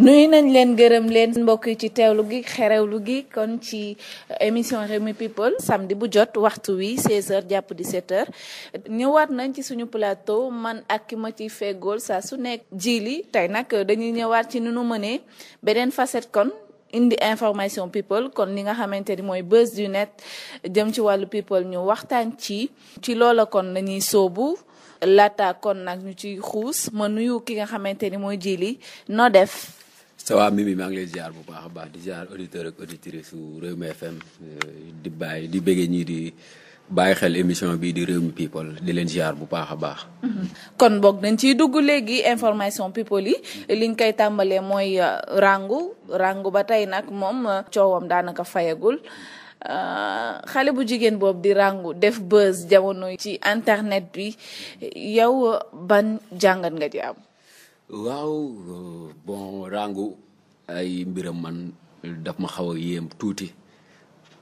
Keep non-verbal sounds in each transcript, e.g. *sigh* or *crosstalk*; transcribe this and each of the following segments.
nuyu nañ leen gërëm leen mbokk yi ci teewlu gi xerewlu gi kon ci émission Rewmi People samedi bu jot waxtu wi 16h jàpp di seteur ñëwaat nañ ci suñu plateau man ak ki ma ciy feggool saa su nekk jiili tey nag dañuy ñëwaat ci nu nu mënee beneen faset kon indi information people kon li nga xamante ni mooy buzz du net jëm ci wàllu people ñu waxtaan ci. ci loola kon lañuy soobu laata kon nag ñu ci xuus ma nuyu ki nga xamante ni mooy jiili noo def. ça va Mimi maa ngi lay ziar bu baax a baax di ziar auditeur ak auditrice su Rewmi FM euh, di bàyyi di bëggee ñii di bàyyi xel émission bii di Rewmi People di leen ziar bu baax a baax. *laughs* kon boog dañ ciy dugg léegi information people yi liñ koy tàmbalee mooy euh, rangu rangu ba tey nag moom euh, coowam daanaka fayagul. xale bu jigéen boobu di rangu def buzz jamono ci internet bi yow ban jàngat nga ci am. waaw bon rangu ay mbiram man daf ma xaw a yéem tuuti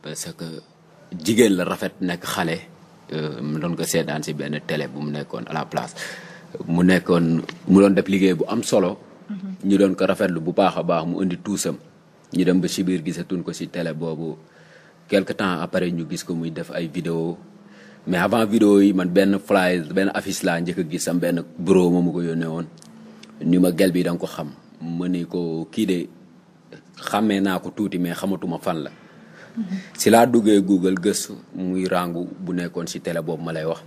parce que jigéen la rafet nekk xale euh, mu doon ko seetaan si benn télé bu mu nekkoon à la place mu nekkoon mu doon def liggéey bu am solo mhm. ñu doon ko rafetlu bu baax a baax mu indi tuusam ñu dem ba si biir gisatuñ ko si tele boobu quelque temps après ñu gis ko muy def ay vidéo mais avant vidéo yi man benn flyer benn affice laa njëkk a gis sam benn bureau moomu ko yónnee woon ni ma gel bi da nga ko xam ma ni ko kii de xàmmee naa ko tuuti mais xamatuma fan la si laa duggee Google gëstu muy ràngu bu nekkoon si tele boobu ma lay wax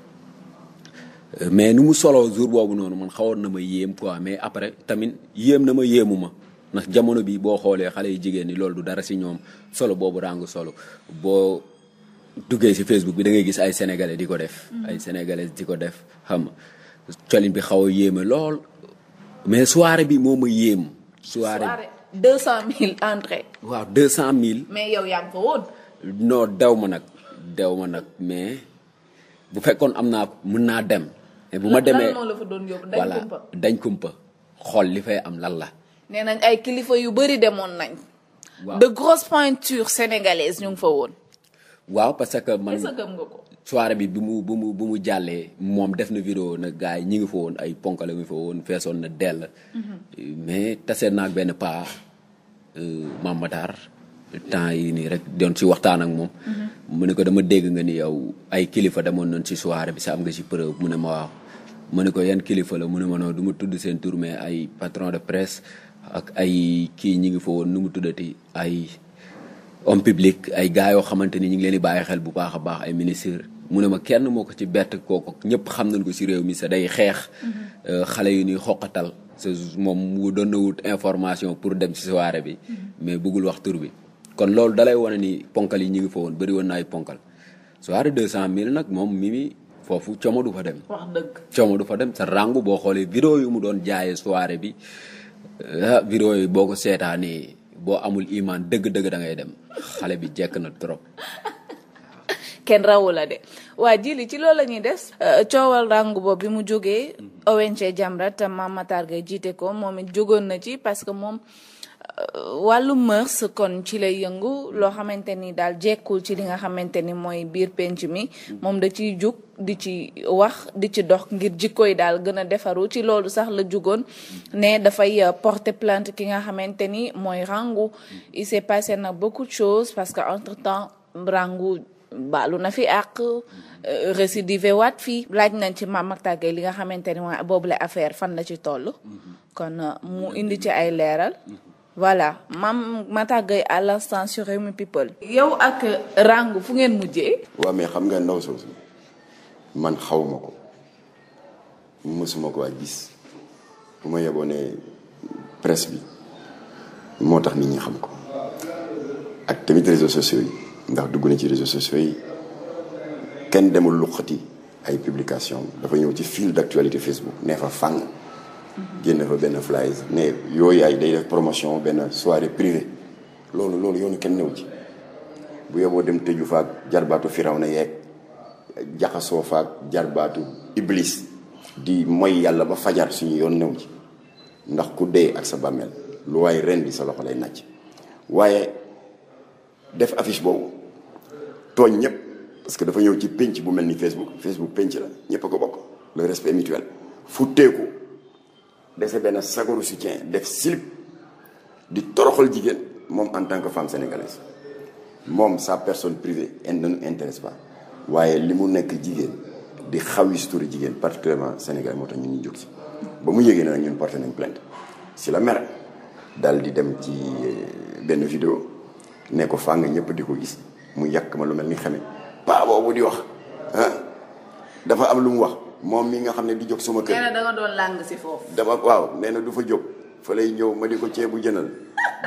mais nu mu solo jour boobu noonu man xawoon na ma yéem quoi mais après tamit yéem na ma yéemu ma ndax jamono bi boo xoolee xale yi jigéen ñi loolu du dara si ñoom solo boobu rangu solo boo duggee si Facebook bi da ngay gis ay sénégalais di ko def. Mm. ay sénégalais di ko def xam colin bi xaw a yéeme lool. mais soirée bi moo ma yéem. soirée bi deux cent mille entrée. waaw deux cent mille. mais yow yaa ngi ko woon. non daw ma nag. dew ma nag mais bu fekkoon am naa mun naa dem. mais bu ma demee lan fa doon yóbbu dañ kumpa voilà dañ kumpa xool li fa am lan la. nee nañ ay kilifa yu bëri demoon nañ. waaw de grosses pointures sénégalaises ñu fa woon. waaw parce que man que gëm nga ko. soirée bi bu mu bu mu bu mu jàllee moom def na vidéo nag gars yi ñi ngi fa woon ay ponkale ngi fa woon feesoon na dell. Mm-hmm. mais tase ak benn paa euh, Mame Matar temps yi nii rek doon ci waxtaan ak moom. Mm-hmm. mu ne ko dama dégg nga ni yow ay kilifa demoon nañ ci soirée bi sa am nga ci preuve mu ne ma waaw. ma ne ko yan kilifa la mu ne ma noonu du ma tudd seen tur mais ay patron de presse ak ay kii ñi ngi fa woon nu mu tuddati ay homme public ay gars yoo xamante ni ñu ngi leen di bàyyi xel bu baax a baax ay mu ne ma kenn moo ko ci bett kooku ñëpp xam nañ ko si réew mi sa day xeex. Mm-hmm. xale yu ñuy xoqatal sa moom mu doon na wut information pour dem si soirée bi. Mm-hmm. mais bëggul wax tur bi. kon loolu dalay wane ni ponkal yi ñu ngi bëri woon na ay ponkal soirée 200000 nag moom Mimi foofu coomo du fa dem. wax dëgg coomo du dem sa rangu boo xoolee vidéo yu mu doon jaayee soirée bi ah vidéo yi boo ko seetaanee boo amul imaan dëgg-dëgg da ngay dem xale bi jekk na trop. *laughs* kenn rawu de. waa jii li ci loolu lañuy des euh, coowal ràngu boobu bi mu jógee mm-hmm. ONG Jamra te Mame jiite ko moom it jógoon na ci parce que moom euh, wàllu mœurs ci lay yëngu mm-hmm. loo xamante ni daal jekkul ci li nga xamante ni mooy biir penc mi mm-hmm. moom da ciy jug di ci wax di ci dox ngir jikko yi daal gën a defaru ci loolu sax la jugoon ne dafay euh, porter plainte ki nga xamante ni mooy Rangou il s'est passé nag beaucoup de choses parce que entre temps Rangou baalu na fi àq euh, récidivé waat fii laaj nañ ci Mame Mactar Gueye li nga xamante ni waa boobule affaire fan la ci toll kon euh, mu mm-hmm. indi ci ay leeral mm-hmm. voilà Mame Mactar Gueye à l'instant sur Rewmi People yow ak Rangou fu ngeen mujjee waaw mais xam nga ndaw soosu man xaw ma ko mësuma ko ak gis bu ma yeboonee presse bi moo tax nit ñi xam ko ak tamit réseaux sociaux yi ndax dugg na ci réseaux sociaux yi kenn demul luqati ay publication dafa ñëw ci fil d'actualité Facebook nee fa fang génn fa benn flyers ne yooyu ay day def promotion benn soirée privée loolu loolu yoonu kenn new ci bu yoboo dem tëju faak jarbaatu firaw na yeeg jaxasoo faak jarbaatu iblis di mooy yàlla ba fajar suñu yoon new ci ndax ku dee ak sa bàmmeel lu waaye ren di sa loxo lay nàcc waaye def affiche boobu tooñ ñëpp parce que dafa ñëw ci pénc bu mel ni Facebook Facebook pénc la ñëpp ko bokk le respect mutuel fu teeku dese benn sagoru soutien def slip di toroxal jigéen moom en tant que femme sénégalaise moom sa personne privée ne nous intéresse pas waaye li mu nekk jigéen di xawis turi jigéen particulièrement Sénégal moo tax ñun ñu jóg si ba mu yëgee ne nag ñun porté nañ plainte si la mer daal di dem ci euh, benn vidéo ne ko fàng ñëpp di ko gis mu yàq ma lu mel ni xamit paa boobu di wax ah dafa am lu mu wax moom mi nga xam ne di jóg sama kër. nee na doon làng si foofu. dama waaw nee na du fa jóg fa lay ñëw ma di ko ceebu jënal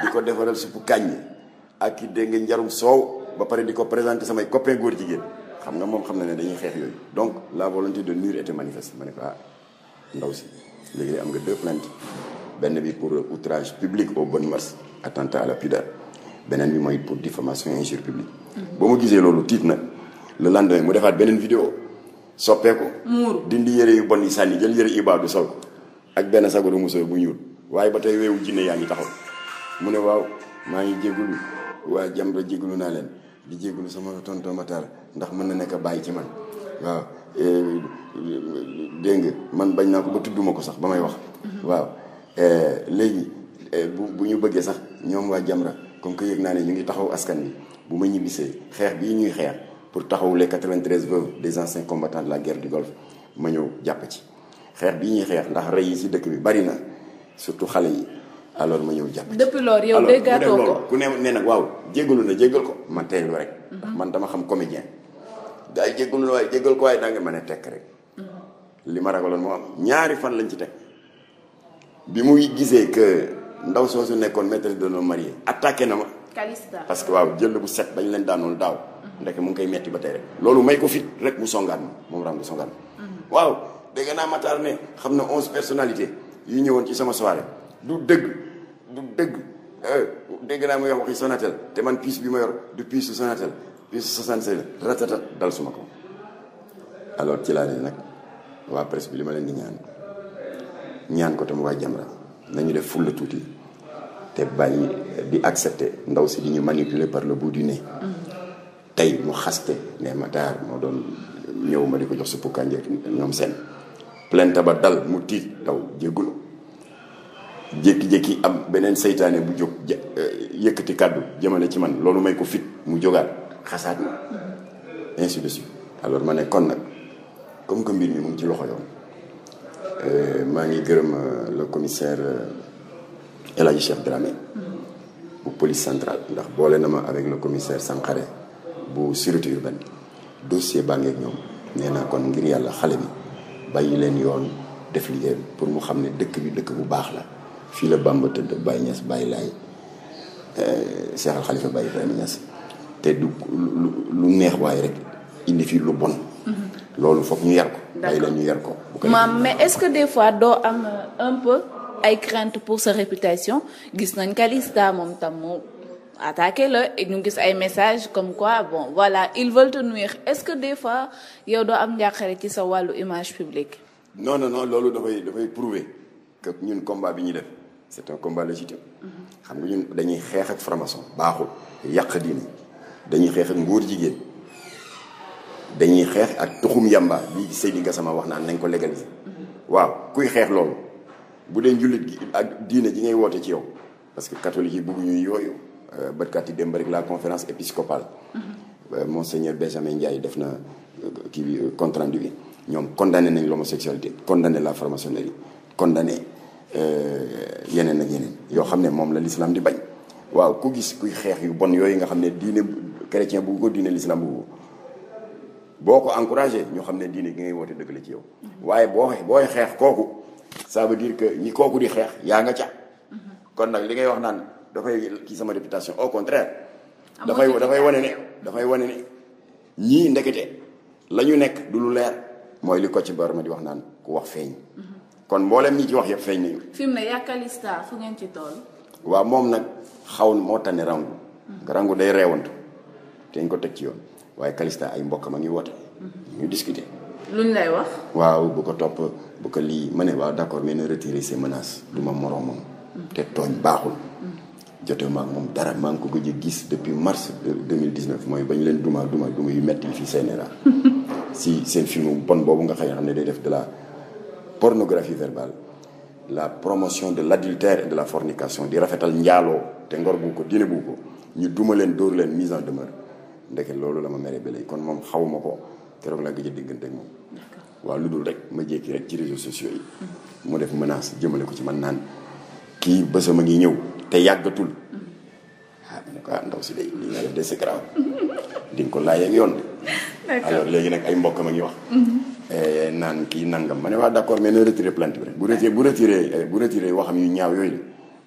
di ko defaral suppu kàññi ak ki dégg nga njarum soow ba pare di ko présenter samay copain góor jigéen xam nga moom xam na ne dañuy xeex yooyu donc la volonté de nuire était manifeste ma ne ko ah ndaw si léegi am nga deux plaintes benn bi pour outrage public aux bonnes mœurs attentat à la pudeur beneen bi mooy pour diffamation injure publique ba mu gisee loolu tiit na le lendemain mu defaat beneen vidéo soppeeku. muuru dindi yére yu bon yi sànni jël yëre ibaadu sol ko ak benn sagoru musóor bu ñuul waaye ba tey weewu jinne yaa ngi taxaw mu ne waaw maa ngi jégalu waa Jamra jégalu naa leen di jégalu sama tonton Matar ndax mën na nekk bàyyi ci man waaw eh, dégg man bañ naa ko ba tudduma ko sax ba may wax. Mhm. waaw eh, léegi eh, bu bu ñu bëggee sax ñoom waa Jamra. comme que yëg naa ne ñu ngi taxaw askan wi bu ma ñibbisee xeex bii ñuy xeex pour taxaw les 93 veuves des anciens combattants de la guerre du Golfe ma ñëw jàpp ci. xeex bi ñuy xeex ndax rey yi si dëkk bi bari na surtout xale yi alors ma ñëw jàpp ci. depuis loolu yow ku ne nee nag waaw jégalu na jégal ko ma bi rek. ndax man dama xam comédien. daay jégalu na waaye jégal ko waaye daa nga mën a tekk rek. Mhm. li ma ragaloon moo am ñaari fan lañ ci teg bi muy ndaw soo soosu nekkoon maîtresse de nos mariés attaqué na ma. parce que waaw jël bu set bañ leen daanoon daaw. ndeke mu ngi koy metti ba tey rek. loolu may ko fit rek mu songaat ma moom Rangou songaat ma. Mhm. waaw dégg naa Matar ne xam na onze personnalités yu ñëwoon ci sama soirée du dëgg du dëgg eh, dégg naa muy wax waxi Sonatel te man puce bi ma yor du puce Sonatel puce 76 la ratata dal suma ko. alors ci laa ne nag waa presse bi li ma leen ñaan ñaan ko tam waa Jamra nañu def fulla tuuti. te bàyyi di accepter ndaw si di ñu manipuler par le bout du nez. tey mu xaste ne Matar moo doon ñëw ma di ko jox suppu kànja ñoom seen. plainte ba dal mu tiit ndaw jéggulu jékki-jékki am beneen seytaane bu jóg euh, yëkkati kàddu jëmale ci man loolu may ko fit mu jógaat xasaat ma ainsi de suite alors ma ne kon nag comme que mbir mi mu ci loxo yoon euh, maa ngi gërëm euh, le commissaire El Hadj Cheikh Dramé bu police centrale ndax boole na ma avec le commissaire Sankhare bu sûreté urbaine dossier baa ngeeg ñoom nee naa kon ngir yàlla xale bi bàyyi leen yoon def liggéeyam pour mu xam ne dëkk bi dëkk bu baax la fii la Bamba tëdd Baye Niass Baye Laye eh, Cheikh Al Khalifa Baye Ibrahima Niass te du lu lu neex waaye rek indi fii lu bon. Mm-hmm. loolu foog ñu yar ko. bàyyi leen ñu yar ko. maam mais est-ce que des doo am euh, un peu. ay crainte pour sa réputation gis nañ Calista moom tam mu attaqué la et ñu gis ay message comme quoi bon voilà ils veulent te nuire est-ce que des fois yow doo am njàqare ci sa wàllu image publique non non non loolu dafay dafay prouver que ñun combat bi ñuy def c'est un combat légitime xam nga ñun dañuy xeex ak franc baaxul yàq diine dañuy xeex ak ngóor jigéen dañuy xeex ak tuxum yamba bi Seydi sama wax naa nañ ko légaliser mhm. waaw kuy xeex loolu bu dee njullit gi ak diine ji ngay woote ci yow parce que catholique yi bugg ñuy yooyu euh, bërkaat yi démb rek la conférence épiscopale mm-hmm. euh, monseigneur Benjamin Ndiaye def na euh, kii bi compte rendu bi ñoom condamné nañ l'homosexualité condamné la franc-maçonnerie condamné yeneen ak yeneen yoo xam ne moom la l'islam di bañ waaw ku gis kuy xeex yu bon yooyu nga xam ne diine chrétien bu ko diine l'islam bu boo ko encouragé ñoo xam ne diine gi ngay woote dëgg la ci yow mm-hmm. waaye boo booy xeex kooku ça veut dire que ñi kooku di xeex yaa nga ca. kon nag li ngay wax naan dafay kii sama réputation au contraire. dafay dafay wane ne dafay wone ne ñii ndekete la ñu nekk du lu leer mooy li ko ci bor ma di wax naan ku wax feeñ. Mm-hmm. kon mboolem ñi ci wax yëpp feeñ nañu. fi mu ne yàkkalista fu ngeen ci tool. waaw moom nag xaw moo tane rangu. Mm-hmm. rangu day reewantu te ko teg ci yoon waaye Kalista ay mbokk ma ngi woote. Mm-hmm. ñu discuter. luñ lay wax. waaw bu ko topp. bu ko lii ma ne waaw d'accord mais na retirer ses menaces du ma moroomam te tooñ baaxul jotewu ma ak moom dara maa ngi ko gëj a gis depuis mars 2019 mooy ba ñu leen duma duma duma yu metti yi fii Sénégal *laughs* si seen film bon boobu nga xam ne day def de la pornographie verbale la promotion de l'adultère et de la fornication di rafetal njaaloo te ngor bu ko diine bu ko ñu duma leen dóor leen mise en demeure ndeke loolu la ma mere ba léegi kon moom xawuma ko keroog laa gëj a moom waa lu dul rek ma jékki ci réseaux sociaux yi. mu def menace jëmale ko ci man naan kii bésam a ngi ñëw te yàggatul. ah ko ah, laajee ak yoon de. alors léegi nag ay mbokkam a ngi wax. Mm-hmm. Eh, naan kii nangam ma ne waa d'accord mais na retiré plainte bi rek bu retiré bu retiré eh, bu retiré waxam yu ñaaw yooyu la.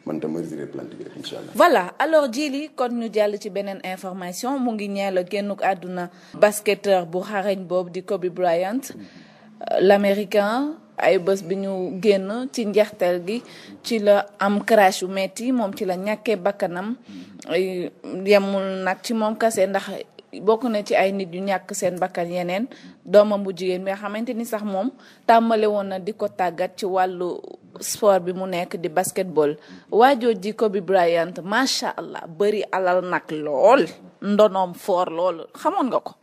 man tam retiré plainte bi incha allah. voilà alors jili kon ñu jàll ci beneen information mu ngi ñeel ko àdduna basketteur bu xarañ boobu di Kobe Bryant. Mm-hmm. l'américain ay bés bi ñu génn ci njeexteel gi ci la am crash yu metti moom ci la ñàkkee bakkanam yemul nag ci moom kase ndax bokk na ci ay nit yu ñàkk seen bakkan yeneen doomam bu jigéen mi nga xamante ni sax moom tàmbale woon na di ko tàggat ci wàllu sport bi mu nekk di basketball waajoo ji Kobe Bryant macha allah bëri alal nag lool ndonom foor lool xamoon nga ko.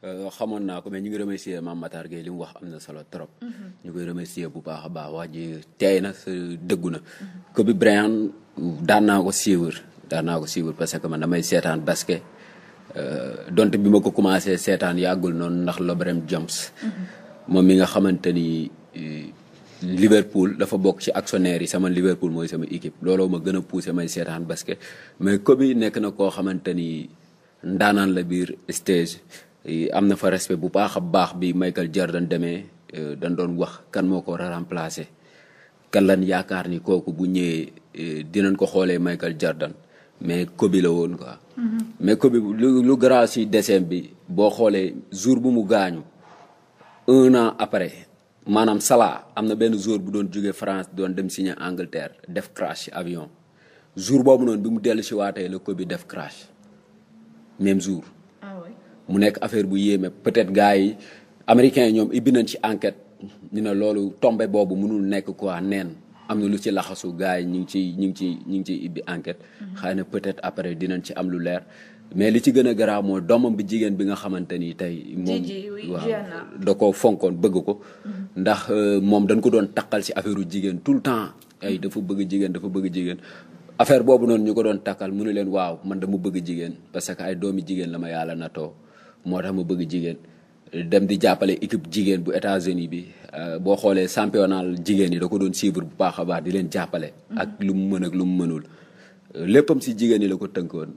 Euh, xamoon naa ko mais ñu ngi remercier Mame Matar Gueye li mu wax am na solo trop. Mm-hmm. ñu koy remercier bu baax a baax wax ji teey na dëggu na. Mm-hmm. Kobe daan naa ko suivre daan naa ko parce que man damay seetaan basket euh, donte bi ma ko commencé seetaan yàggul noonu ndax LeBron James. Mm-hmm. moom mi nga xamante ni. Liverpool dafa bokk ci actionnaire yi sama Liverpool mooy sama équipe looloo ma gën a poussé may seetaan basket mais Kobe nekk na koo xamante ni ndaanaan la biir stage am na fa respect bu baax a baax bi Michael Jordan demee euh, dañ doon wax kan moo ko remplacé kan lan yaakaar ni kooku bu ñëwee euh, dinañ ko xoolee Michael Jordan mais Kobe la woon mm-hmm. mais Kobe lu lu garaaw bi boo xoolee jour bu mu gaañu un an après maanaam Salah am na benn jour bu doon jóge France doon dem signé Angleterre def crash avion jour boobu noonu bi mu dellu si waatee la Kobe def crash même jour. mu nekk affaire bu yéeme peut-être gars yi américains ñoom ibbi nañ ci enquête ñu ne loolu tombe boobu mënul nekk quoi neen am na lu ci laxasu gars yi ñu ngi ciy ñu ngi ciy ñu ngi ciy ibbi enquête. Mm-hmm. xëy peut-être après dinañ ci am lu leer. mais li ci gën a garaaw mooy doomam bi jigéen bi nga xamante ni tey moom waaw da ko fonkoon bëgg ko mm-hmm. ndax euh, moom dañ ko doon takkal ci affaire jigéen tout le temps ay mm-hmm. dafa bëgg jigéen dafa bëgg jigéen affaire boobu noonu ñu ko doon takkal mu ne leen waaw man dama bëgg jigéen parce que ay doomi jigéen la ma yàlla na natoo moo tax ma bëgg jigéen dem di jàppale équipe jigéen bu États-Unis bi euh, boo xoolee championnat jigéen yi da ko doon suivre bu baax a baax di leen jàppale. Mm-hmm. ak lu mu mën ak lu mu mënul. léppam si jigéen yi la ko tënkoon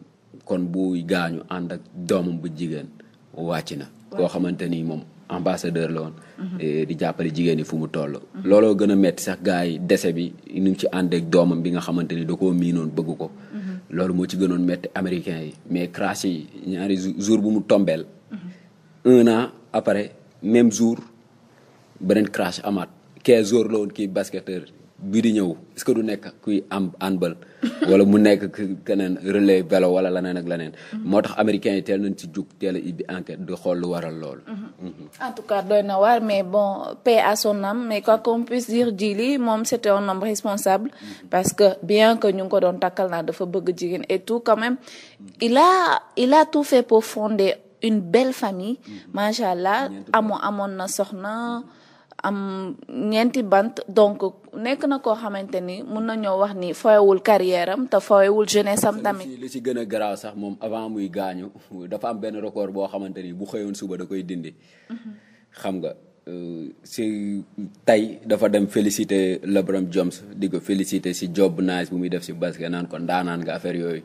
kon buy gaañu ànd ak doomam bu jigéen wàcc na. koo xamante ni moom ambassadeur la woon. Mm-hmm. Eh, di jàppale jigéen yi fu mu toll. looloo gën a metti sax gars yi dese bi nu mu ci ànd ak doomam bi nga xamante ni da koo miinoon bëgg ko. Mm-hmm. loolu moo ci gënoon metti américain yi mais crash yi ñaari jour bu mu tombeel un an même jour beneen crash amaat 15 jours la woon kii basketteur bii di ñëw est nekk kuy am handball *laughs* wala nekk keneen relais vélo wala leneen ak leneen. Mhm. moo tax américains yi teel nañ ci jug teel a ibbi xool lu waral loolu. Mhm. Mhm. en tout cas doy na waar mais bon paix à son âme mais quoi qu'on puisse dire Djily moom c'était un homme responsable. parce que bien que ñu ngi ko doon takkal naa dafa bëgg jigéen et tout quand même il a il a tout fait pour fonder. une belle famille mm-hmm. macha allah amoo amoon na soxna am ñeenti bant donc nekk na koo xamante ni mun ñoo wax ni foyewul carrière te foyewul jeunesse am tamit. li si gën a garaaw sax moom avant muy gaañu dafa am benn record boo xamante ni bu xëyoon suba da koy dindi. Mm-hmm. xam nga si euh, tey dafa dem féliciter LeBron James di ko féliciter si job nice bu muy def si basket naan ko ndaanaan nga affaire yooyu.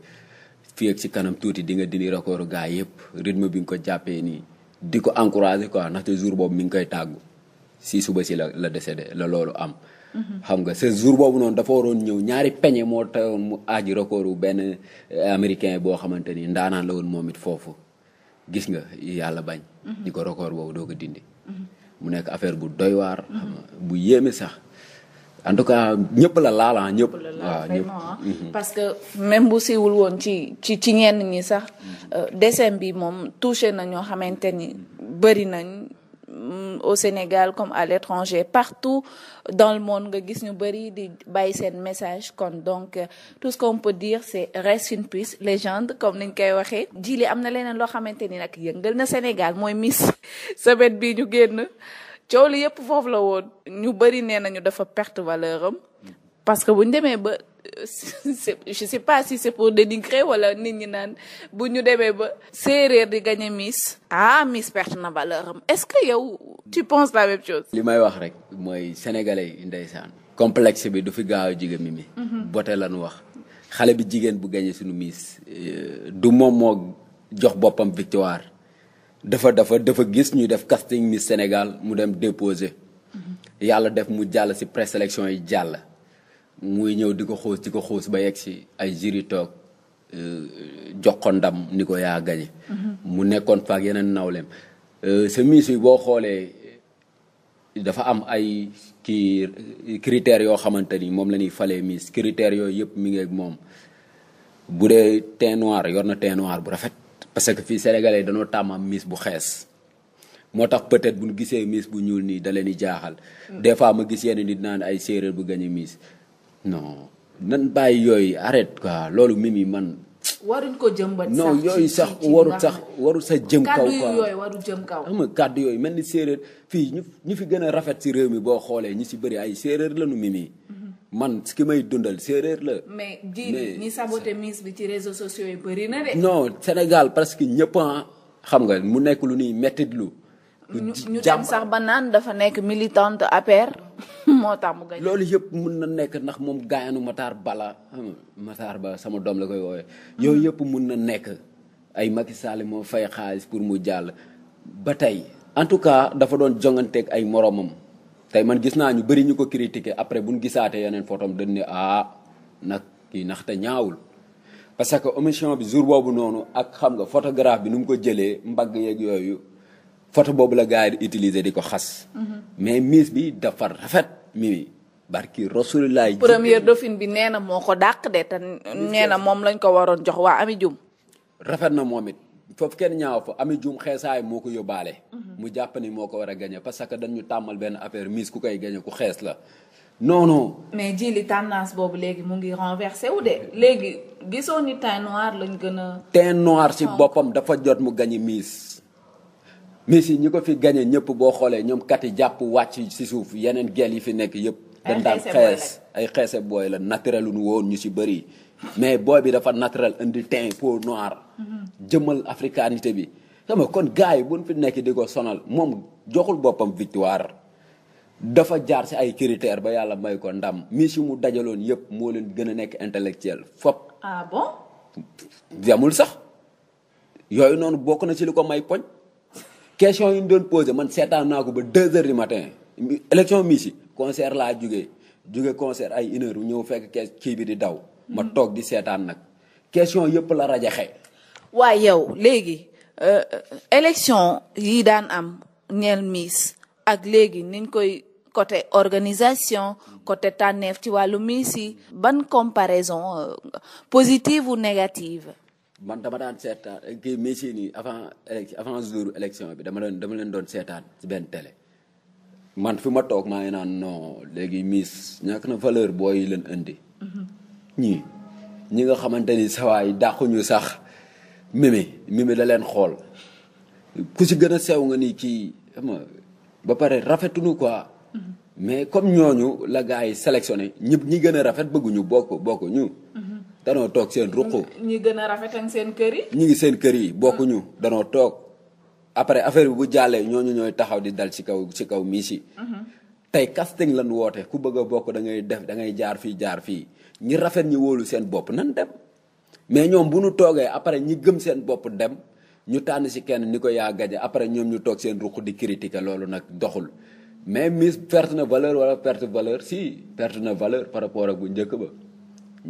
fii ak ci kanam tuuti di nga dindi record gars yëpp rythme bi nga ko jàppee nii di ko encouragé quoi ndaxte jour boobu mi ngi koy tàggu si suba si la la décédé la loolu am. Mhm. xam nga ce jour boobu noonu dafa waroon ñëw ñaari peñe moo taxoon mu aaji recordu benn eh, américain boo xamante ni ndaanaan la woon moom it foofu gis nga yàlla bañ. Mhm. di ko record boobu doo ko dindi. Mhm. mu nekk affaire bu doy waar. bu yéeme sax. en tout cas ñëpp la laal ah ñëpp. waaw ñëpp ah. mhm. parce que même bu siiwul woon ci ci ci ñenn ñi sax mhm. euh, dessin bi moom touché na ñoo xamante ni bëri nañ. Mm, au Sénégal comme à l'étranger partout dans le monde nga gis ñu bëri di bàyyi seen message kon donc euh, tout ce qu'on peut dire c'est reste une puce légende comme niñ koy waxee ji am na leneen loo xamante ni nag yëngal na Sénégal mooy Miss *laughs* semaine bi ñu génn coow li yëpp foofu la woon ñu bëri nee nañu dafa perte valeur am parce que bu ñu demee ba je sais pas si wala nit ñi naan bu ñu demee ba séeréer di gagné Miss. ah Miss perte na valeur est-ce que yow tu penses la même chose. li may wax rek mooy sénégalais yi ndeysaan. complexe bi du fi gaaw a jigéen mi mi. Mhm. bote lañu wax xale bi jigéen bu gagné suñu miis euh, du moom moo jox boppam victoire. dafa dafa dafa gis ñuy def casting Miss Sénégal mu dem déposé yàlla def mu jàll si présélection yi jàll muy ñëw di ko xoos di ko xoos ba yegg si ay jury toog euh, jox ko ndam ni ko yaa gañe mu nekkoon faak yeneen nawleem euh, sa miss yi boo xoolee dafa am ay kii critères yoo xamante ni moom la ñuy falee miss critères yooyu yëpp mu ngi moom bu dee teint noir yor na teint noir bu rafet parce que fii sénégalais yi dañoo tàmmam miis bu xees moo tax peut-être bu ñu gisee miis bu ñuul nii da leen di jaaxal. Mm. des fois ma gis yenn nit naan ay séeréer bu gañe miis non nan bàyyi yooyu arrête quoi loolu mimi man. waruñ ko jëmbat sax yooyu sax warut sax warut sax jëm kaw quoi kàddu yooyu mel ni séeréer fii ñu ñu fi gën a rafet si réew mi boo xoolee ñu si bëri ay séeréer lañu mimi. Mm-hmm. man ki may dundal séeréer la. mais ji ñi saboté mise bi ci réseaux sociaux na de. non Sénégal presque ñëpp xam nga mu nekk lu ñuy métti lu. ñu dem sax ba naan dafa nekk militante APR *laughs* moo tax mu loolu yëpp mun na nekk ndax moom gaañu Matar Bala Matar Ba sama doom la koy woowee yooyu yëpp mun na nekk ay Macky Sall moo fay xaalis pour mu jàll ba tey en tout cas dafa doon jonganteeg ay moromam. tey man gis naa ñu bëri ñu ko critiquer après bu ñu gisaatee yeneen photom dañ nu ah nag kii naxte ñaawul parce que émission bi jour boobu noonu ak xam nga photographe bi nu mu ko jëlee mbagg yeeg yooyu photo boobu la gars di utiliser di ko xas. Mhm. mais mise bi dafa rafet mi barki Rasulullah. première dauphine bi nee na moo ko dàq de te nee na moom lañ ko waroon jox waa Ami Dioum. rafet na moom it. foofu kenn ñaaw fa ami juum xeesaay moo ko yóbbaale. Mhm. mu jàpp ni moo ko war a gañe parce que dañu tàmmal benn affaire mise ku koy gagné ku xees la noonu mais ji li tendance boobu léegi mu ngi renversé wu de léegi gisoo ni teint noir lañ gën a. teint noir ci boppam dafa jot mu gagné miis mise yi ñu ko fi gagné ñëpp boo xoolee ñoom kati jàpp wàcc ci suuf yeneen gel yi fi nekk yëpp. dañ daan xees ay xeese booy la naturel lu woon ñu si bëri. mais booy bi dafa naturel indi teint peau noire. jëmmal africanité bi. xam nga kon gars yi bu fi nekk di ko sonal moom joxul boppam victoire dafa jaar si ay critères ba yàlla may ko ndam mi si mu dajaloon yëpp moo leen gën a nekk intellectuel fop. ah bon. sax yooyu noonu bokk na si li ko may poñ question yi ñu doon posé man seetaan naa ko ba deux heures du matin élection mi concert laa jugee juge concert ay une heure ñëw fekk kii bi di daw. ma toog di seetaan nag question yëpp la rajaxe waa yow léegi euh, euh, élection yii daan am ñeel miis ak léegi niñ koy côté organisation côté tànneef ci wàllu miis yi ban comparaison euh, positive ou négative man dama daan seetaan eh, kii miis yi nii avant avant jour élection bi dama leen dama leen doon seetaan si benn télé man fi ma toog maa ngi naan non léegi miis ñàkk na valeur booy leen indi mhm. ñii ñi nga xamante ni sawaay dàquñu sax mimi mimi la leen xool ku si gën a sew nga nii kii xam ba pare rafetuñu quoi mm-hmm. mais comme ñooñu la gars yi sélectionné ñëpp ñi gën a rafet bëgguñu bokk bokk ñu mm-hmm. danoo toog seen ruq ñi gën a rafet seen kër ñi ngi seen kër yi bokkuñu mm-hmm. danoo toog après affaire bi bu jàllee ñooñu ñooy taxaw di dal ci kaw ci kaw miis yi tey casting lan woote ku bëgg a bokk da def dangay jaar fii jaar fii ñi rafet ñi wóolu seen bopp nan dem mais ñoom bu ñu toogee après ñi gëm seen bopp dem ñu tànn si kenn ni ko yaa gaje après ñoom ñu toog seen ruq di critiquer loolu nag doxul mais Miss perte na valeur wala perte valeur si perte na valeur par rapport ak bu njëkk ba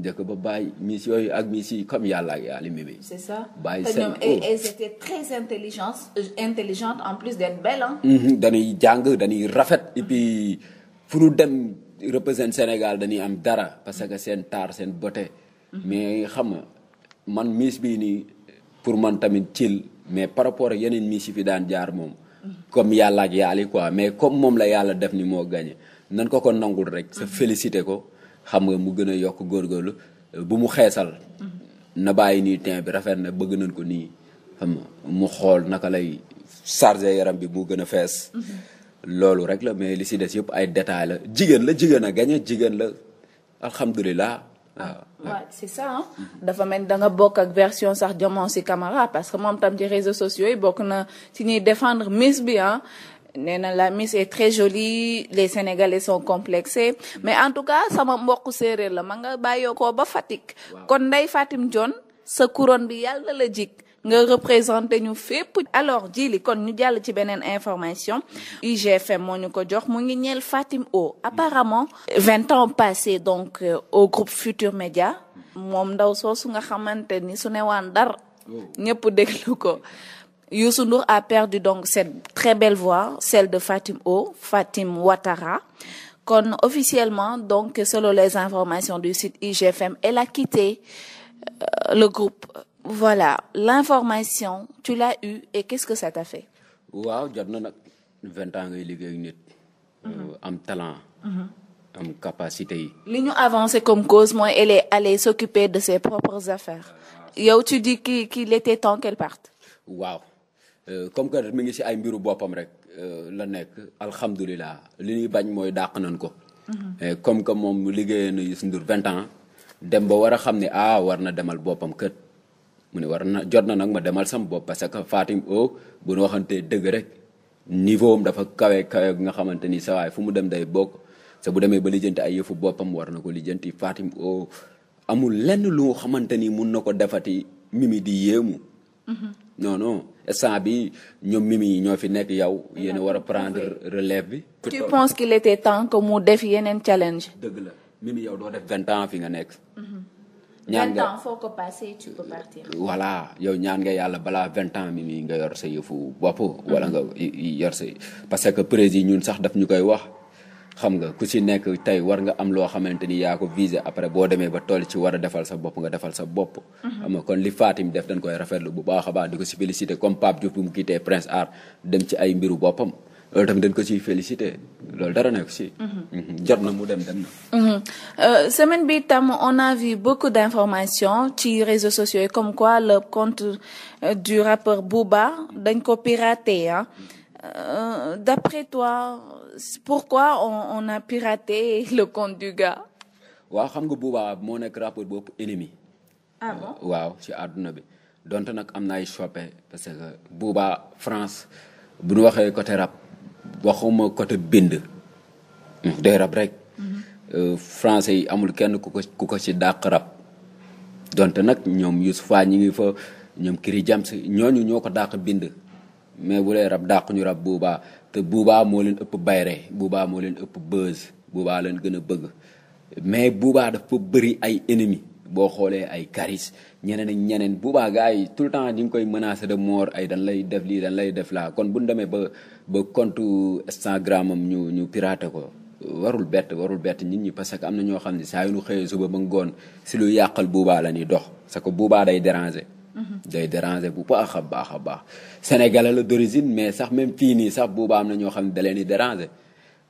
njëkk ba bàyyi miss yooyu ak miss yi comme yàlla ak yàlla mi mi. c'est ça bàyyi seen oh. et elles étaient euh, en plus d'être belles mm-hmm. dañuy jàng dañuy rafet et puis fu ñu dem représente Sénégal dañuy am dara parce que seen taar seen beauté. Mm-hmm. mais xam nga man miss bii nii pour man tamit cil mais par rapport ak yeneen miss yi fi daan jaar moom. Mm-hmm. comme yàlla ak yàlla quoi mais comme moom la yàlla def ni moo gagné nan ko ko nangul rek. sa félicité ko. xam nga mu gën a yokk góorgóorlu bu mu xeesal na bàyyi nii teint bi rafet na bëgg nañ ko nii xam nga mu xool naka lay chargé yaram bi mu gën a fees loolu rek la mais li si des yëpp ay détails la jigéen la jigéen a gañe jigéen la alhamdulilah waaw c'est ça dafa mel da nga bokk ak version sax Diamansi Camara parce que moom tam ci réseaux sociaux yi bokk na ci ñuy défendre Miss bi ah nee na la Miss est très jolie les Sénégalais sont complexés mais en tout cas sama mbokk séeréer la ma nga bàyyoo ko ba Fatick. kon nday Fatim Dione sa couronne bi yàlla la jik nga représenté ñu fépp. alors jili kon ñu jàll ci beneen information IGFM moo ñu ko jox mu ngi ñeel Fatim O apparemment. vingt ans passés donc euh, au groupe Futur Média moom ndaw soosu nga xamante ni su newaan dar oh. ñëpp déglu ko Youssou Ndour a perdu donc cette très belle voix celle de Fatim O Fatim Ouattara kon officiellement donc selon les informations du site IGFM elle a quitté euh, le groupe voilà l'information tu l'as eue et qu'est-ce que ça t'a fait waaw jot na nag vingt ans ngay liggéey ak nit mhm. euh, am talent mhm. am capacité yi li ñu avancé comme cause mooy elle est allée s'occuper de ses propres affaires euh, yow tu dis qu'il était temps qu'elle parte waaw Euh, comme que mi ngi si ay mbiru boppam rek euh, la nekk alhamdulilah li ñuy bañ mooy dàq nañ ko. Mhm. comme que moom liggéeyee na Youssou Ndour vingt ans dem ba war a xam ne ah war na demal boppam kët mu ne war na jot na nag ma demal sam bopp parce que Fatim oo oh, bu ñu waxantee dëgg rek niveau dafa kawe kawe nga xamante ni sa waay fu mu dem day bokk sa bu demee ba lijjanti ay yëfu boppam war na ko lijjanti faatim O oh, amul lenn lu xamante ni mun na ko defati mimi di yéemu. Mhm. non non instant bi ñoom mimi ñoo fi nekk yow yéen a war a prendre relève bi. tu penses qu'il était temps que mu def yeneen challenge. dëgg la mimi yow doo def vingt ans fi nga nekk. Mm-hmm. ñaan nga vingt ans yow ñaan nga yàlla balaa vingt ans mimi nga yor sa yëfu bopp. wala nga yor sa parce que président ñun sax daf ñu koy wax. xam nga ku si nekk tey war nga am loo xamante ni yaa ko visé après boo demee ba toll ci war a defal sa bopp nga defal sa bopp. Mhm. xam nga kon li Fatim def dañ koy rafetlu bu baax a baax di ko si félicité comme Pape Diouf bu mu quitté Prince Art dem ci ay mbiru boppam. ko ciy félicité loolu dara nekk si. Mhm. Mhm. jot euh, semaine bi tam on a vu beaucoup d' ci réseaux sociaux yi comme quoi le compte euh, du rappeur Booba dañ ko piraté ah. Euh, d'après toi pourquoi on on a piraté le compte du gars. waaw xam nga Booba moo nekk rappeur boobu ennemi. ah euh, waaw ci àdduna bi donte nag am na ay choppé parce que Booba France bu nu waxee côté rap waxuma côté bind. Hmm, day rap rek. Mm-hmm. Euh, français yi amul kenn ku ko ku ci dàq rap donte nag ñoom Youssoupha ñi ngi fa ñoom Kiri ñooñu ñoo ko dàq bind. mais bu dee rab dàq ñu rab buubaa te buubaa moo leen ëpp bayre buubaa moo leen ëpp buzz buubaa leen gën a bëgg mais buubaa dafa bëri ay ennemis boo xoolee ay karis ñeneen ak ñeneen buubaa gars yi tout le temps ñu ngi koy menacer de moor ay dan lay def lii dañ lay def laa kon bu ñu ba ba compte Instagram am ñu ñu piraté ko warul bett warul bett nit ñi parce que am na ñoo xam ne saa yu ñu xëyee suba ba ngoon si lu yàqal buubaa la ñuy dox parce que buubaa day déranger. day déranger bu baax a baax a baax sénégalais la mais sax même fii nii sax buuba am na ñoo xam ne da leen di déranger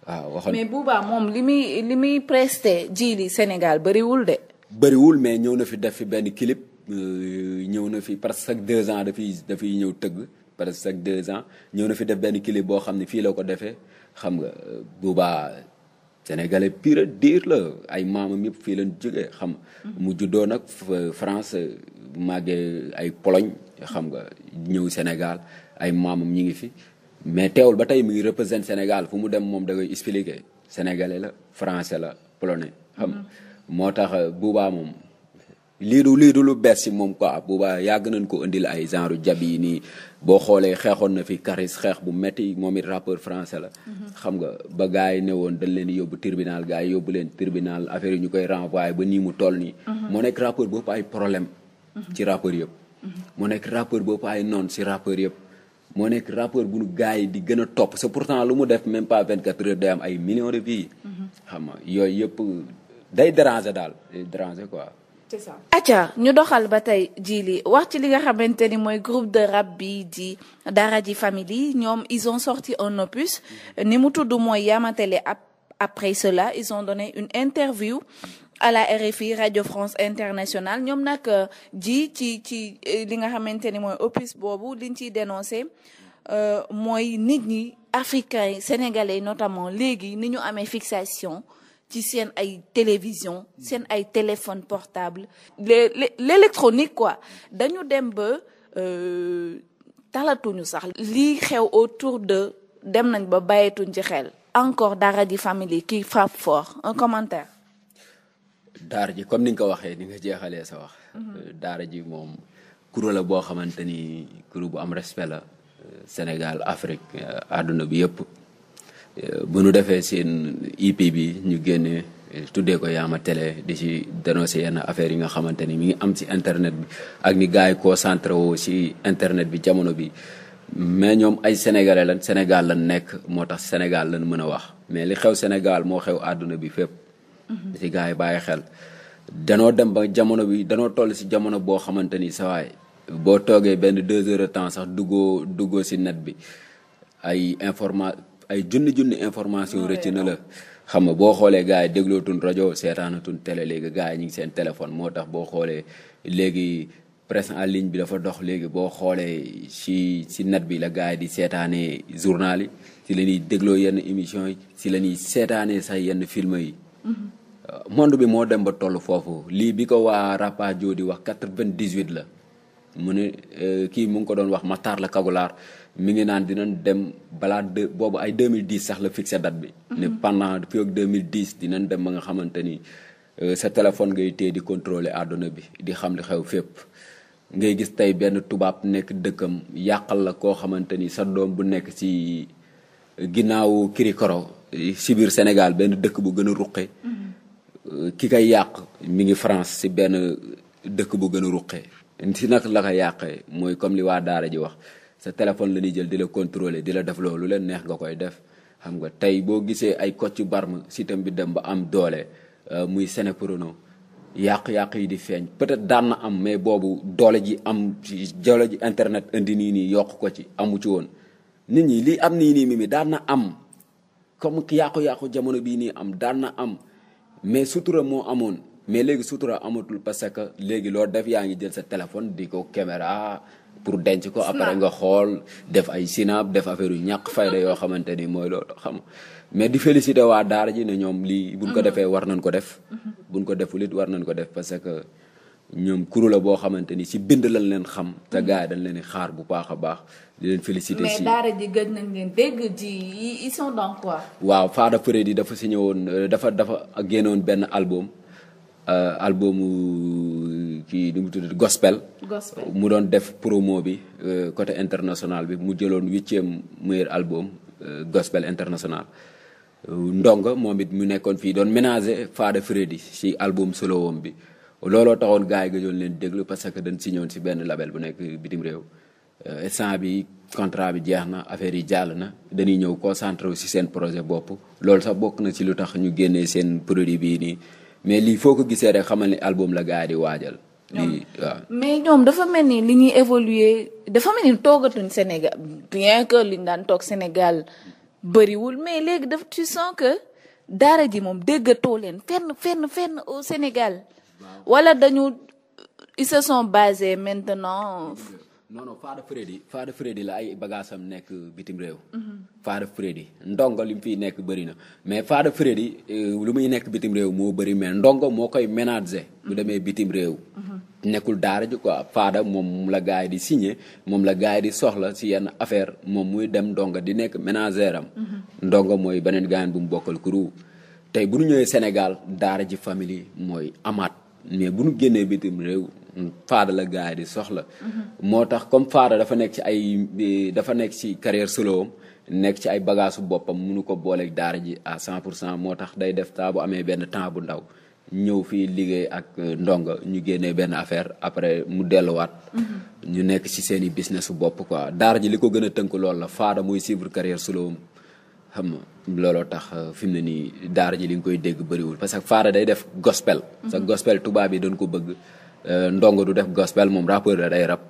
waaw waxoon mais buuba moom li muy li muy presté ji li Sénégal bëriwul de. bëriwul mais ñëw na fi def fi benn clip euh, ñëw na fi presque chaque deux ans dafiy dafiy ñëw tëgg presque chaque deux ans ñëw na fi def benn clip boo xam ne fii la ko defee xam nga euh, buuba. sénégalais pire diir la ay maamam yëpp fii lañ jógee xam mm-hmm. mu juddoo nag France màggee ay poloñ xam nga ñëw Sénégal ay maamam ñi ngi fi mais teewul ba tey mi ngi représenté Sénégal fu mu dem moom da koy expliqué sénégalais la français la polonais xam mm-hmm. moo tax buubaa moom lii du lii du lu bees si moom quoi boobaa yàgg nañ ko indil ay genre jabi yi nii boo xoolee xeexoon na fi Karis xeex bu metti moom it rappeur français la. Mm-hmm. xam nga ba gars yi ne woon dañ leen yóbbu tribunal gars yi yóbbu leen tribunal affaire yi ñu koy renvoyé ba nii mu toll nii. Mm-hmm. moo nekk rappeur boobu ay problème mm-hmm. ci rappeur yëpp. moo nekk rappeur boobu ay noon si rappeur yëpp. moo nekk rappeur bu nu gars yi di gën a topp c'est pourtant lu mu def même pas 24 heures day am ay millions de vies. xam nga yooyu yëpp day déranger daal day quoi. c'est acca ñu doxal ba tey jii li wax ci li nga xamante ni mooy groupe de rab bi di Daradji Family ñoom ils ont sorti un opus mm-hmm. ni mu tudd mooy Yamatele ap après cela ils ont donné une interview à la RFI Radio France Internationale ñoom nag ji ci ci li nga xamante ni mooy opus boobu liñ ciy dénoncé euh, mooy nit ñi africains sénégalais notamment léegi ni ñu amee fixation ci seen ay télévision seen ay téléphone portable les l'électronique quoi dañu dem ba euh, talatuñu sax lii xew autour de dem nañ ba bàyyeetuñ ci xel encore daara ji famille qui frappe fort un commentaire daara ji comme ni nga ko waxee ni nga jeexalee sa wax euh, daara ji moom kuréel la boo xamante ni kuréel bu am respect la euh, Sénégal Afrique àdduna bi yëpp bu nu defee seen EP bi ñu génne tuddee ko Yaama Télé di danoo dénoncer yenn affaires yi nga xamante ni mi ngi am ci internet bi ak ni gars yi concentré woo ci internet bi jamono bi mais ñoom ay sénégalais lañ Sénégal lañ nekk moo tax Sénégal lañ mën a wax mais li xew Sénégal moo xew àdduna bi fépp. ci mhm. gars yi bàyyi xel. danoo dem ba jamono bi danoo toll si jamono boo xamante ni sa waay boo toogee benn deux heures temps sax duggoo duggoo si net bi ay informat ay junni junni information ah, rëcc na la xam nga boo xoolee gars yi déglootun rajo seetaanatun télé léegi gars yi ñu ngi seen téléphone moo tax boo xoolee léegi presse en ligne bi dafa dox léegi boo xoolee si si net bi la gars yi di seetaanee journal yi si la ñuy dégloo yenn émission yi si la ñuy seetaanee sax yenn film yi mm-hmm. euh, monde bi moo dem ba toll foofu lii bi ko waa Rapadio di wax quatre-vingt-dix-huit la mu ne euh, kii mu ngi ko doon wax Matar la Kagulaar mi ngi naan dinañ dem balaa de boobu ay 2010 sax la fixé date bi. Mhm. ne pendant depuis ak 2010 dinañ dem ba nga xamante ni euh, sa téléphone ngay téye di contrôler àdduna bi di xam li xew fépp. ngay gis tey benn tubaab nekk dëkkam yàqal la koo xamante ni sa doom bu nekk ci ginnaaw Kirikoro ci biir Sénégal benn dëkk bu gën a ruqe. Mhm. Euh, ki koy yàq mi ngi France si benn dëkk bu gën a ruqe. si nag la ko yàqee mooy comme li waa daara ji wax sa téléphone la ñuy jël di la contrôler di la def loolu leen neex nga koy def xam nga tey boo gisee ay Kocc Barma sitam bi dem ba am doole euh, muy Seneprono yàq-yàq yi di feeñ peut-être daan na am mais boobu doole ji am doole ji internet indi nii nii yokk ko ci amu ci woon nit ñi li am nii nii mi mi daan na am comme yàqu-yàqu jamono bii nii am daan na am mais sutura moo amoon mais léegi sutura amatul parce que léegi loo def yaa ngi jël sa téléphone di ko caméra pour denc ko après nga xool def ay synap def affaire yu ñàkk fayda yoo xamante ni mooy loolu xam mais di félicité waa daara ji ne ñoom lii buñ ko mm-hmm. defee war nañ ko def mm-hmm. buñ ko deful it war nañ ko def parce que ñoom kuréel boo xamante ni si bind lañ leen xam te mm-hmm. gars yi leen di xaar bu baax a baax di leen félicité si mais daara ji gëj nañ leen dégg ji ils waaw Fada Freddy dafa si ñëwoon dafa dafa génnoon benn album. Euh, albumu euh, kii nu mu tudd gospel. gospel mu doon def promo bi euh, côté international bi mu jëloon huitième meilleur album gospel international. Ndongo moom it mu nekkoon fii doon ménager Fada Freddy ci album solo woom bi looloo taxoon gars yi nga doon leen déglu parce que dañ signé woon ci benn label bu nekk bitim réew. instant bi contrat bi jeex na affaire yi jàll na dañuy ñëw concentré wu ci seen projet bopp loolu sax bokk na si lu tax ñu génnee seen produit bii nii. mais lii foo ko gisee rek xamal ni album la gaa yi di waajal. lii waaw mais ñoom dafa mel ni li ñuy évoluer dafa mel ni toogatuñ Sénégal bien que liñ daan toog Sénégal bariwul mais léegi daf tu sens que daara ji moom déggatoo leen fenn fenn fenn au Sénégal. wala dañu ils se sont maintenant. non non Fada Freddy Fada Freddy la ay bagaasam nekk bitim réew. Mhm. Fada Freddy ndongo li mu nekk bëri na mais Fada Freddy euh, lu muy nekk bitim réew moo bëri mais ndongo moo koy ménager. bu mhm. demee bitim réew. Mhm. nekkul daara ji quoi Fada moom la gars di signé moom la gars di soxla si yenn affaire moom muy dem ndongo di nekk ménagère am. ndongo mooy beneen gars bu mu bokkal kuru tey bu ñu ñëwee Sénégal daara ji famille mooy amaat mais bu ñu génnee bitim réew. faada la gars yi di soxla. moo tax comme faada dafa nekk ci ay dafa nekk ci carrière solo nekk ci ay bagaasu boppam mu munu ko booleek daar ji à cent pour cent moo tax day def bu amee benn temps bu ndaw ñëw fii liggéey ak euh, ndonga ñu génnee benn affaire après mu delluwaat. ñu nekk ci seen i business su bopp quoi daar ji li ko gën a tënk lool la faada muy suivre carrière solo xam nga looloo tax euh, fi mu ne nii daar ji li nga koy dégg bëriwul parce que faada day def gospel. sa gospel tubaab yi doon ko bëgg. Euh, ndongo du def gospel moom rappeur la day rap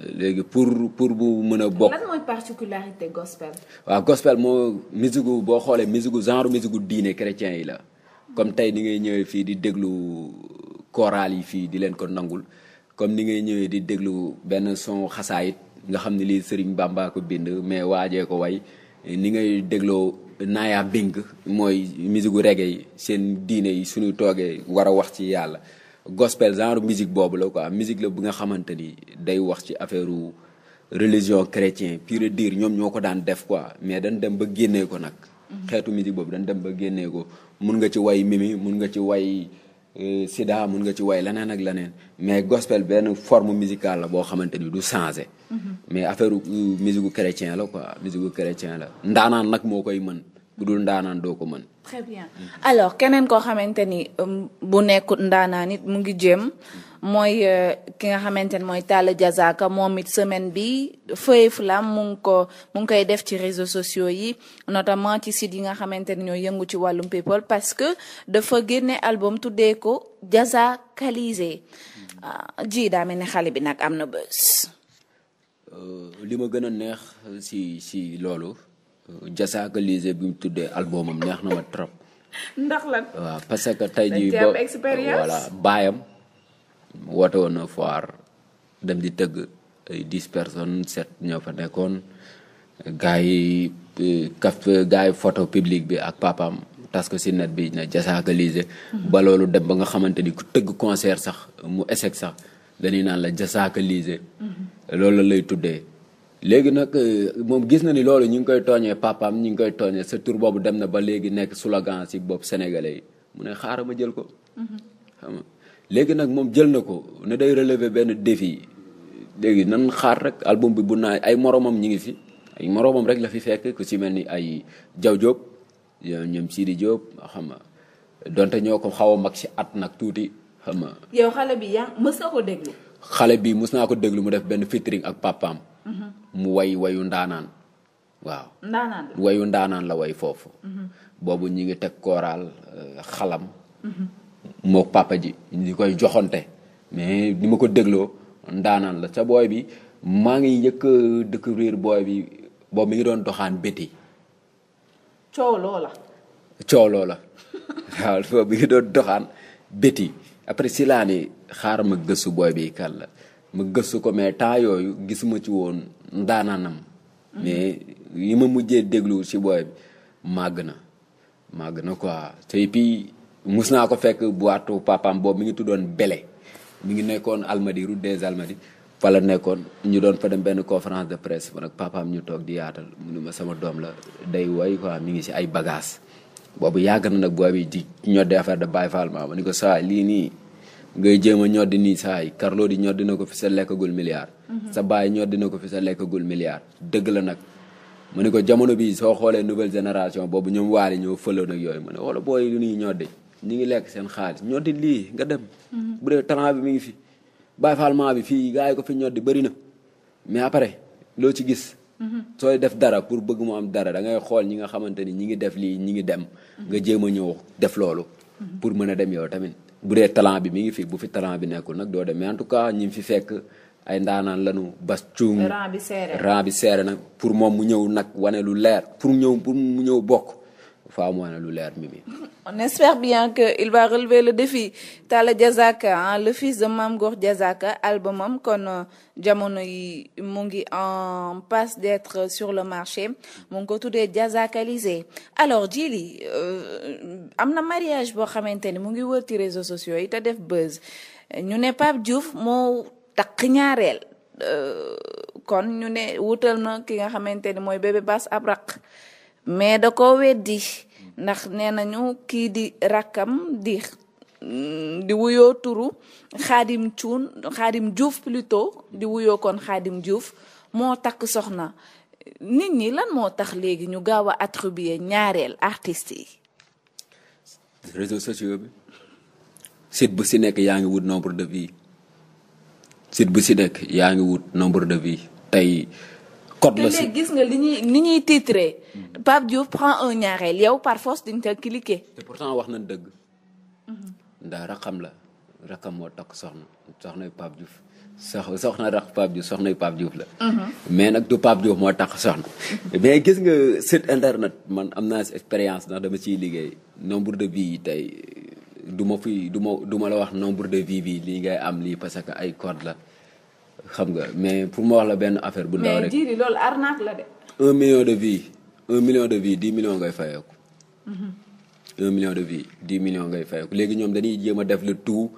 euh, léegi pour pour bu mën a bokk. lan mooy particularité gospel. waaw gospel moo musigu boo xoolee musigu genre musigu diine chrétien yi la comme tey ni ngay ñëwee fii di déglu chorale yi fii di leen ko nangul comme ni ngay ñëwee di déglu benn son xasaayit nga xam ne li Serigne Bamba bind mais waajee ko way ni ngay dégloo Naya Bing mooy musigu reggae yi seen diine yi suñu toogee war a wax ci yàlla. gospel genre musique boobu la quoi musique la bu nga xamante ni day wax ci affaire religion chrétien pure dire ñoom ñoo ko daan def quoi mais dañ dem ba génnee ko nag. xeetu musique boobu dañ dem ba génnee ko mun nga ci way mimi mun nga ci way euh, sida mun nga ci way leneen ak leneen mais gospel benn forme musicale la boo xamante ni du changé. Mm-hmm. mais affaire euh, musique chrétien la quoi musique chrétien la ndaanaan nag moo koy mën bu dul ndaanaan doo ko mën. très bien alors keneen koo xamante ni um, bu nekkut ndaanaa nit mu ngi jéem mooy euh, ki nga xamante ne mooy Talla Diazaka moom it semaine bi feuille flamme mu ko mu ngi koy def ci réseaux sociaux yi notamment ci site yi nga xamante ni ñooy yëngu ci wàllum people parce que dafa génne album tuddee ko Diazakalisé ah, ji daa mel ne xale bi nag am na bës. Euh, li ma gën neex euh, si loolu. Jasaaka Lisé bi mu tuddee albumam neex na ma trop. waaw parce que tey jii boo voilà baayam woote woon na foire dem di tëgg ay dix set sept ñoo fa nekkoon gars yi kaf gars yi photo publique bi ak papaam tas ko si net bi na Jasaaka Lisé mhm. ba loolu dem ba nga xamante ni ku tëgg concert sax mu échec sax dañuy naan la Jasaaka Lisé mhm. loolu lay tuddee léegi nag euh, moom gis na ni loolu ñu ngi koy tooñee papaam ñu ngi koy tooñee sa tur boobu dem na ba léegi nekk slogan si bopp sénégalais yi mu ne xaaral ma jël ko. Mm-hmm. léegi nag moom jël na ko ne day relever benn défi léegi nan xaar rek album bi bu naa ay moromam ñu ngi fi ay moromam rek la fi fekk ku si mel ni ay Jaw Diop ñoom Sidi Diop xam nga donte ñoo ko xaw a mag si at nag tuuti xam nga. yow xale bi yaa mës na ko déglu. xale bi mës naa ko déglu mu def benn featuring ak papaam. mu way wayu ndaanaan waaw ndaanaan wayu ndaanaan la way foofu boobu ñi ngi teg kooraal euh, xalam moo papa ji ñi koy joxonte mais ni ma ko dégloo ndaanaan la sa booy bi maa ngi njëkk a découvrir booy bi boobu mi ngi doon doxaan béti coow loola coow loola *laughs* waaw boobu mi ngi doon après si laa ni ma gëstu booy bi kan la ma gëstu ko mais temps yooyu gisuma ci woon ndaanaanam mais yi ma mujjee dégluwul si booy bi màgg na màgg na quoi te puis mus naa ko fekk bu boîte papam boobu mi ngi tuddoon Bélé mu ngi nekkoon alma Almadies route des Almadies fa la nekkoon ñu doon fa dem benn conférence de presse man ak papam ñu toog di yaatal mu ne ma sama doom la day woy quoi mi ngi si ay bagages boobu yàgg na nag booy bi di ñoddi affaire de Baye Fall ma ni ko saa lii nii. ngay jéem a ñoddi nii saa yi Carlou D ko fi sa lekkagul milliard. Mhm. sa baay ñoddi na ko fi sa lekkagul milliard dëgg la mu ne ko jamono bi soo xoolee nouvelle génération boobu ñoo fëloon ak yooyu mu ne wala ñu ngi lekk seen xaalis ñoddi lii nga dem. Mhm. bu bi mi ngi fi. Baay Faal bi fii gars yi ko fi ñoddi bëri na mais après loo ci gis. Mhm. sooy def dara pour bëgg mu am dara da ngay xool ñi nga xamante ni ñi ngi def lii ñi ngi dem. nga a ñëw def loolu. pour mën a dem yow tamit. bu dee talent bi mi ngi fi bu fi talent bi nekkul nag doo dem mais en tout cas ñi fi fekk ay ndaanaan lanu bas cuum rang bi seere na pour moom mu ñëw nag wane lu leer pour ñëw pour mu ñëw bokk faaw mu wane lu leer Mimi. on espère bien que il va relever le défi Talla Diazaka le fils de Mame Gor Diazaka mam kon euh, jamono yi mu ngi en passe d'être sur le marché mu ngi ko tuddee Diazakalisé alors Djily euh, am na mariage boo xamante ni mu ngi wër ci réseaux sociaux yi te def buzz ñu ne Pape Diouf moo takk ñaareel euh, kon ñu ne wutal na ki nga xamante ni mooy bébé Bass ab raq mais da ko weddi ndax nee nañu kii di rakkam di mm, di wuyoo turu xaadim cuun xaadim juuf plutôt di wuyoo koon xaadim juuf moo takk soxna nit ñi lan moo tax léegi ñu gaaw a attribuer ñaareel artist yi. réseaux sociaux bi site bu si nekk yaa ngi wut nombre de vie site bu si nekk yaa ngi wut nombre de vie tey. code la gis nga li ñuy ni ñuy titré Pape Diouf prend un ñaareel yow par force di nga cliquer. te pourtant wax nañ dëgg. ndax raxam la raxam moo takk soxna soxna Pape Diouf sox soxna rax Pape Diouf soxnay Pape Diouf la. mais nag du Pape Diouf moo takk soxna. *laughs* mais gis nga site internet man am naa expérience ndax dama ciy liggéey nombre de vies yi tey du ma fi du ma du ma la wax nombre de vies bi lii ngay am lii parce que ay code la. xam nga mais pour ma wax la benn affaire bu ndaw rek mais Djily loolu arnaque la de. un million de vies un million de vies dix millions ngay fayeeku. Mhm. un million ngay fayeeku léegi ñoom dañuy jéem a def le tout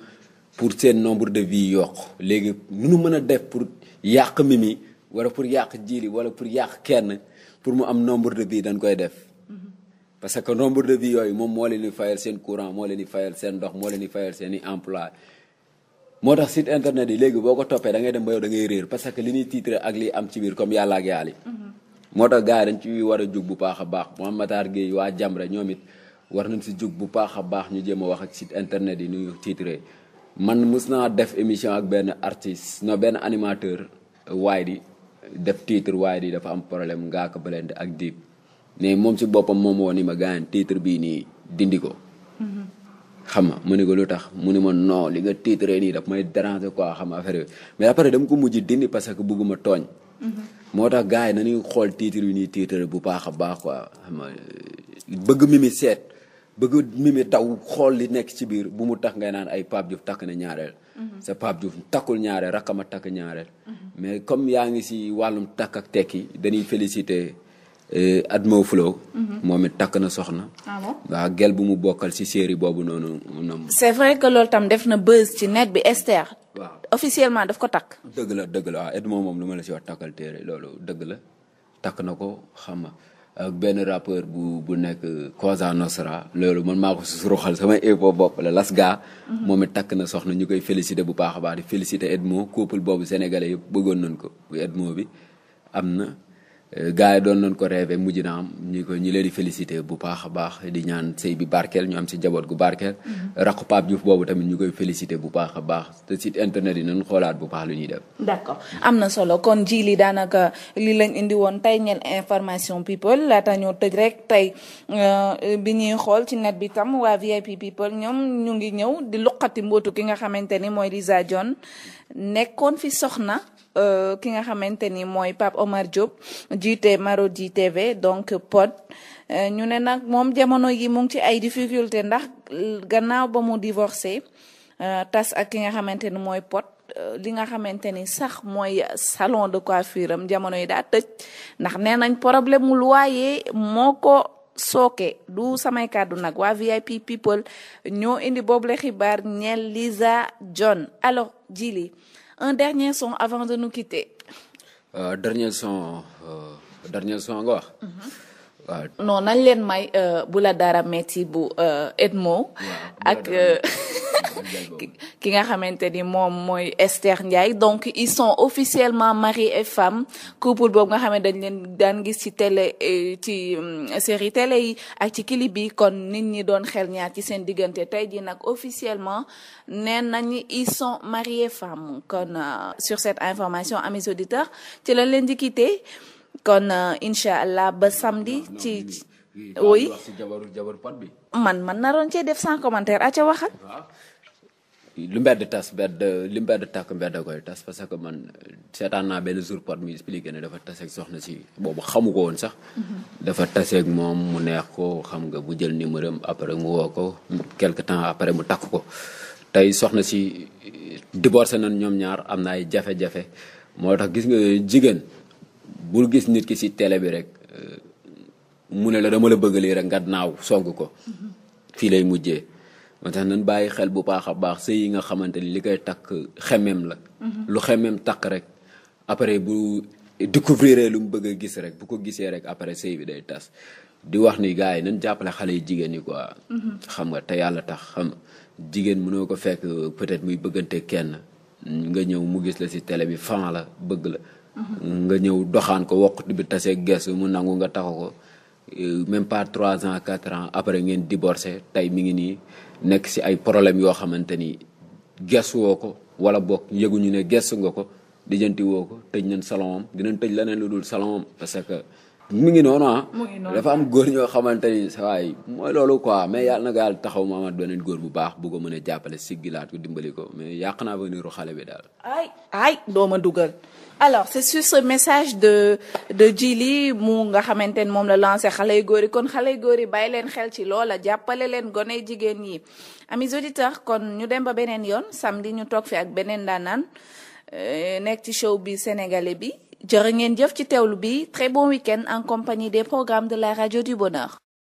pour seen nombre de vies yokk léegi nu nu mën a def pour yàq Mimi wala pour yàq Djily wala pour yàq kenn pour mu am nombre de vies dañ koy def. Mhm. parce que nombre de vies yooyu moom moo leen di seen courant moo leen di fayal seen ndox moo leen di fayal seen i emploi moo tax site internet yi léegi boo ko toppee da ngay dem ba yow da ngay réer parce que li ñuy titre ak li am ci biir comme yàlla ak yàlla mm-hmm. moo tax gars yi dañ ci war a jug bu baax a baax Mame Matar Gueye waa Jamra ñoom it war nañ si jug bu baax a baax ñu jéem a wax ak site internet yi nu ñu man mës naa def émission ak benn artiste no benn animateur euh, waaye di def tiitre waaye di dafa am problème ngaa ko bëlente ak diib mais moom si boppam moom wo ni ma gaañ bii nii dindi ko. Mm-hmm. xam nga mu ne ko lu tax mu ne ma non li nga tiitre nii daf may déranger quoi xam affaire bi mais après dama ko mujj dindi parce que bëgguma tooñ. Mm-hmm. moo tax gars yi nañuy xool titre yu ñuy titre bu baax a baax quoi xam nga bëgg mimi seet bëgg mimi daw xool li nekk ci biir bu mu tax ngay naan ay Pape Diouf takk na ñaareel. Mm-hmm. sa Pape Diouf takkul ñaareel rakkama takk ñaareel. Mm-hmm. mais comme yaa ngi si wàllum takk ak tekki dañuy féliciter. Euh, at moo flow mhm. moom it takk na soxna. Ah waaw gel bu mu bokkal ci série boobu noonu noonu. c'est vrai que loolu tam def na buzz ci net bi Esther. waaw officiellement daf ko takk. dëgg la dëgg la waaw et moom moom lu ma la ci wax takkal téere loolu dëgg la takk na ko xam nga ak benn rappeur bu bu nekk Cosa Nostra loolu man maa ko suruxal sama épo bopp la Lasga. Mhm. moom it takk na soxna ñu koy félicité bu baax a baax di félicité Edmo couple boobu sénégalais yëpp bëggoon nañ ko bu Edmo bi am na. Euh, gars yi doon nañ ko rêvé mujj na am ñu ko ñu leen di félicité bu baax a baax di ñaan sëy bi barkeel ñu am si jaboot gu barkeel. Mm-hmm. rakk Pape Diouf boobu tamit ñu koy félicité bu baax a baax te site internet yi nañu xoolaat bu baax lu ñuy def. d'accord am na solo kon ji li daanaka li lañ indi woon tey ñel information people laata ñoo tëj rek tey euh, bi ñuy xool ci net bi tam waa VIP people ñoom ñu ngi ñëw di luqati mbootu ki nga xamante ni mooy Lisa John nekkoon fi soxna. Euh, ki nga xamante ni mooy Pape Omar Diop jiite Marodi TV donc pod euh, ñu ne nag moom jamono yi mu ngi ci ay difficulté ndax gannaaw ba mu divorcé euh, tas ak ki nga xamante ni mooy pod li nga xamante ni sax mooy salon de coiffure am jamono yi daal tëj ndax nee nañ problème mu loyer moo ko sooke du samay kàddu nag waa VIP people ñoo indi boobu la xibaar ñeel Lisa John alors jili un dernier son avant de nous quitter. Euh, dernier son euh, dernier son nga wax. Mhm. non nañ leen may euh, bu la dara metti bu euh, Edmo ak euh, *laughs* ki nga xamante ni moom mooy Esther Ndiaye donc ils sont officiellement marie et femme couple boobu nga xam ne dañ leen daan gis ci télé ci série télé yi ak ci clip bi kon nit ñi doon xel ñaar ci seen diggante tey ji nag officiellement nee nañ ils sont mari et femme kon sur cette information amis auditeurs ci lañ leen di kon incha allah ba samedi ci oui man man na naroon cee def sans commentaire a ca waxal. lu mbedd tas mbedd li mbedd takk mbedd koy tas parce que man seetaan naa benn jour pot mi expliqué ne dafa taseeg soxna si boobu xamu ko woon sax. Mhm. dafa taseeg moom mu neex ko xam nga mu jël numéro am après mu woo ko quelque temps après mu takk ko tey soxna si divorcé nañ ñoom ñaar am na ay jafe-jafe moo tax gis nga jigéen. bul gis nit ki si télé bi rek euh, mu ne la dama la bëgg lii rek nga naaw song ko fii lay mujjee moo tax nan bàyyi xel bu baax a baax sëy yi nga xamante ni li koy takk xemem la mhm. lu xemem takk rek après bu découvrir lu mu bëgg a gis rek bu ko gisee rek après sëy bi day tas di wax ni gars yi nan jàppale xale yi jigéen ñi quoi mhm. xam nga te yàlla tax xam jigéen mënoo ko fekk euh, peut-être muy bëggante kenn nga ñëw mu gis la si télé bi fan la bëgg la nga ñëw doxaan ko woqatu bi taseeg gestu mu nangu nga taxu ko même part trois ans quatre ans après ngeen divorcé tey mi ngi nii nekk si ay problème yoo xamante ni gestu woo ko wala boog yëguñu ne gestu nga ko dijanti woo ko tëj nañ salon am dinañ tëj leneen lu dul salon am parce que mu ngi noonu ah. dafa am góor ñoo xamante ni sa waay mooy loolu quoi mais yàlla na ko taxaw mu amaat beneen góor bu baax bu ko mën a jàppale siggilaat ko dimbali ko mais yàq naa ba niiru xale bi daal. ay ay doo ma alors c'est sur ce message de de Djily mu nga xamante ne moom la lancé xale yu góor yi kon xale yu góor yi bàyyi leen xel ci loola jàppale leen gone jigéen yi amis auditeurs kon ñu dem ba beneen yoon samedi ñu toog fi ak beneen daanaan euh, nekk ci show bi sénégalais bi jërë ngeen jëf ci teewlu bi très bon week-end en compagnie des programmes de la radio du bonheur.